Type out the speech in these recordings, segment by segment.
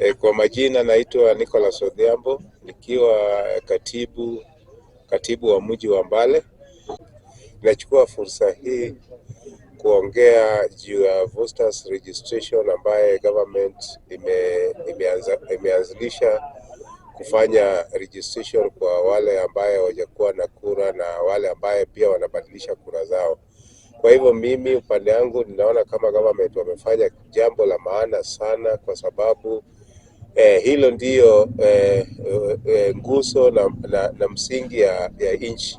E, kwa majina naitwa Nicholas Odhiambo nikiwa katibu katibu wa mji wa Mbale. Nachukua fursa hii kuongea juu ya Voters registration ambaye government ime, imeanza, imeanzilisha kufanya registration kwa wale ambaye hawajakuwa na kura na wale ambaye pia wanabadilisha kura zao. Kwa hivyo mimi upande wangu ninaona kama government wamefanya jambo la maana sana, kwa sababu Eh, hilo ndiyo eh, eh, nguzo na, na, na msingi ya, ya nchi.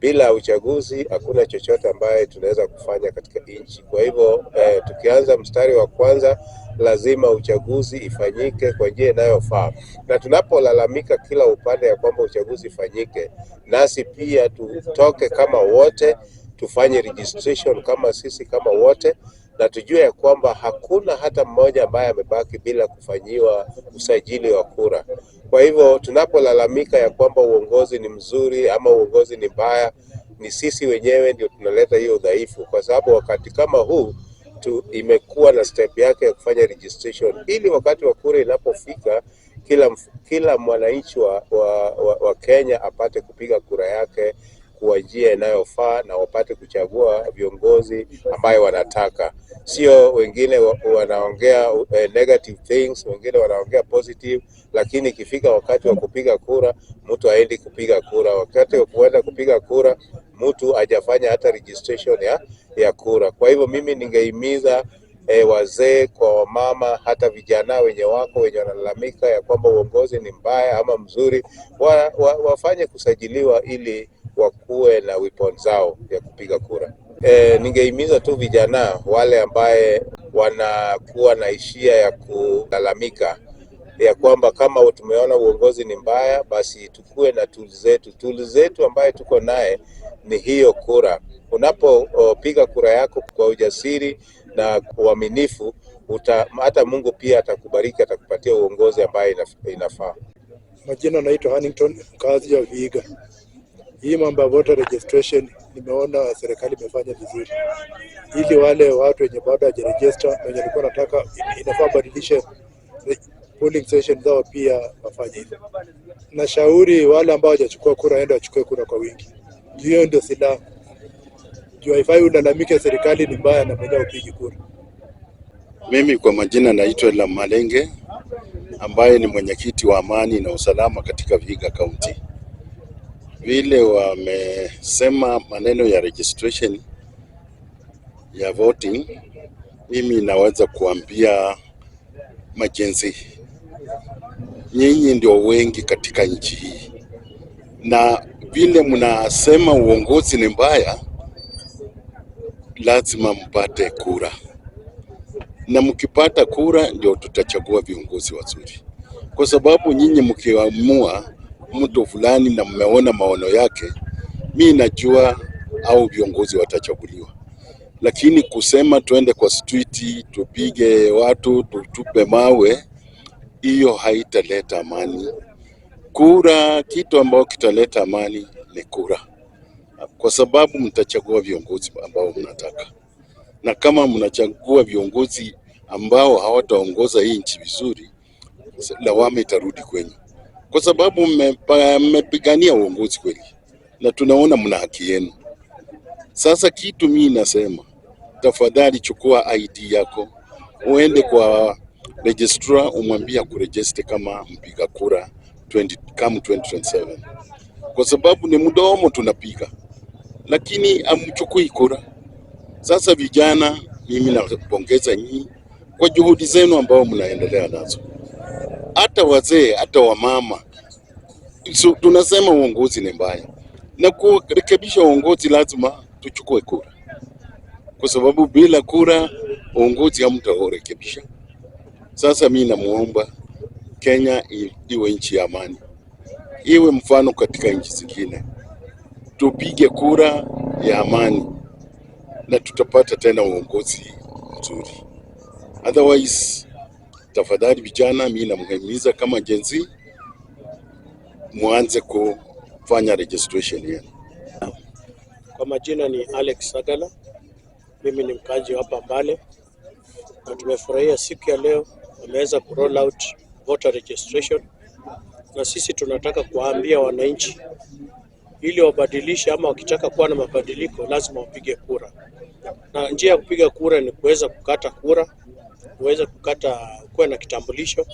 Bila uchaguzi hakuna chochote ambaye tunaweza kufanya katika nchi. Kwa hivyo eh, tukianza mstari wa kwanza, lazima uchaguzi ifanyike kwa njia inayofaa, na tunapolalamika kila upande ya kwamba uchaguzi ifanyike, nasi pia tutoke kama wote, tufanye registration kama sisi kama wote na tujue ya kwamba hakuna hata mmoja ambaye amebaki bila kufanyiwa usajili wa kura. Kwa hivyo tunapolalamika ya kwamba uongozi ni mzuri ama uongozi ni mbaya, ni sisi wenyewe ndio tunaleta hiyo udhaifu, kwa sababu wakati kama huu tu imekuwa na step yake ya kufanya registration ili wakati wa kura inapofika kila, kila mwananchi wa, wa, wa, wa Kenya apate kupiga kura yake kuwa njia inayofaa na wapate kuchagua viongozi ambayo wanataka, sio wengine wanaongea uh, negative things, wengine wanaongea positive, lakini ikifika wakati wa kupiga kura mtu aendi kupiga kura. Wakati wa kuenda kupiga kura mtu hajafanya hata registration ya, ya kura. Kwa hivyo mimi ningehimiza E, eh, wazee kwa wamama, hata vijana wenye wako wenye wanalalamika ya kwamba uongozi ni mbaya ama mzuri, wa, wa, wafanye kusajiliwa ili wakuwe na weapon zao ya kupiga kura. E, ningehimiza tu vijana wale ambaye wanakuwa na ishia ya kulalamika ya kwamba kama tumeona uongozi ni mbaya, basi tukuwe na tuli zetu. Tuli zetu ambaye tuko naye ni hiyo kura. Unapopiga kura yako kwa ujasiri na uaminifu, hata Mungu pia atakubariki, atakupatia uongozi ambaye inafaa. Majina naitwa Hannington, ya Viga. Hii mambo ya voter registration nimeona serikali imefanya vizuri, ili wale watu wenye bado hawajarejista wenye walikuwa wanataka, inafaa wabadilishe polling station zao, pia wafanye hivyo. Nashauri wale ambao hawajachukua kura waende wachukue kura kwa wingi, hiyo ndio silaha. Juu haifai ulalamike serikali ni mbaya na mwenyewe upigi kura. Mimi kwa majina naitwa Ela Malenge ambaye ni mwenyekiti wa amani na usalama katika Vihiga Kaunti vile wamesema maneno ya registration ya voting, mimi naweza kuambia majenzi, nyinyi ndio wengi katika nchi hii, na vile mnasema uongozi ni mbaya, lazima mpate kura, na mkipata kura ndio tutachagua viongozi wazuri, kwa sababu nyinyi mkiamua mtu fulani na mmeona maono yake, mi najua au viongozi watachaguliwa, lakini kusema tuende kwa street tupige watu tutupe mawe, hiyo haitaleta amani. Kura, kitu ambayo kitaleta amani ni kura, kwa sababu mtachagua viongozi ambao mnataka, na kama mnachagua viongozi ambao hawataongoza hii nchi vizuri, lawama itarudi kwenyu kwa sababu mmepigania uongozi kweli, na tunaona mna haki yenu. Sasa kitu mimi nasema, tafadhali chukua ID yako uende kwa registrar umwambie akuregister kama mpiga kura 20, kama 2027 kwa sababu ni mdomo tunapiga, lakini amchukui kura. Sasa vijana, mimi napongeza nyinyi kwa juhudi zenu ambao mnaendelea nazo, hata wazee, hata wamama so, tunasema uongozi ni mbaya, na kurekebisha uongozi lazima tuchukue kura, kwa sababu bila kura uongozi hamtaorekebisha. Sasa mi namuomba Kenya iwe nchi ya amani, iwe mfano katika nchi zingine. Tupige kura ya amani na tutapata tena uongozi mzuri. Otherwise, tafadhali vijana, mi namhimiza kama jenzi muanze kufanya registration yenu. Kwa majina ni Alex Sagala, mimi ni mkaji hapa Mbale, na tumefurahia siku ya leo wameweza ku roll out voter registration, na sisi tunataka kuwaambia wananchi ili wabadilishe ama wakitaka kuwa na mabadiliko lazima wapige kura, na njia ya kupiga kura ni kuweza kukata kura, kuweza kukata kuwa na kitambulisho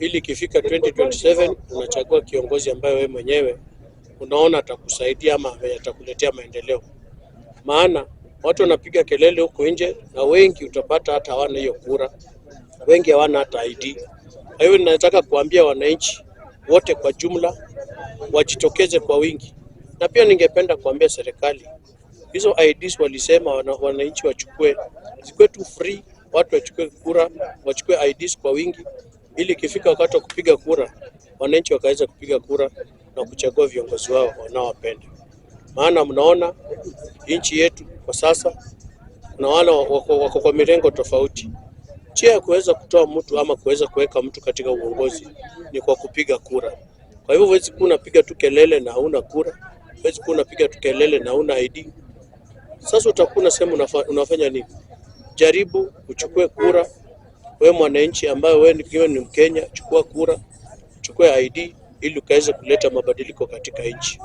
ili ikifika 2027 unachagua kiongozi ambaye wewe mwenyewe unaona atakusaidia ama atakuletea maendeleo. Maana watu wanapiga kelele huko nje, na wengi utapata hata hawana hiyo kura, wengi hawana hata ID. Kwa hiyo ninataka kuambia wananchi wote kwa jumla wajitokeze kwa wingi, na pia ningependa kuambia serikali hizo IDs walisema wananchi wachukue zikwetu free, watu wachukue kura, wachukue IDs kwa wingi ili ikifika wakati wa kupiga kura wananchi wakaweza kupiga kura na kuchagua viongozi wao wanaowapenda. Maana mnaona nchi yetu kwa sasa na wale wako, wako kwa mirengo tofauti. Njia ya kuweza kutoa mtu ama kuweza kuweka mtu katika uongozi ni kwa kupiga kura. Kwa hivyo huwezi kuwa unapiga tu kelele na hauna kura, huwezi kuwa unapiga tu kelele na hauna ID. Sasa utakuwa unasema unafanya nini? Jaribu uchukue kura we mwananchi ambayo we nikiwa ni Mkenya, chukua kura, chukua ID ili ukaweze kuleta mabadiliko katika nchi.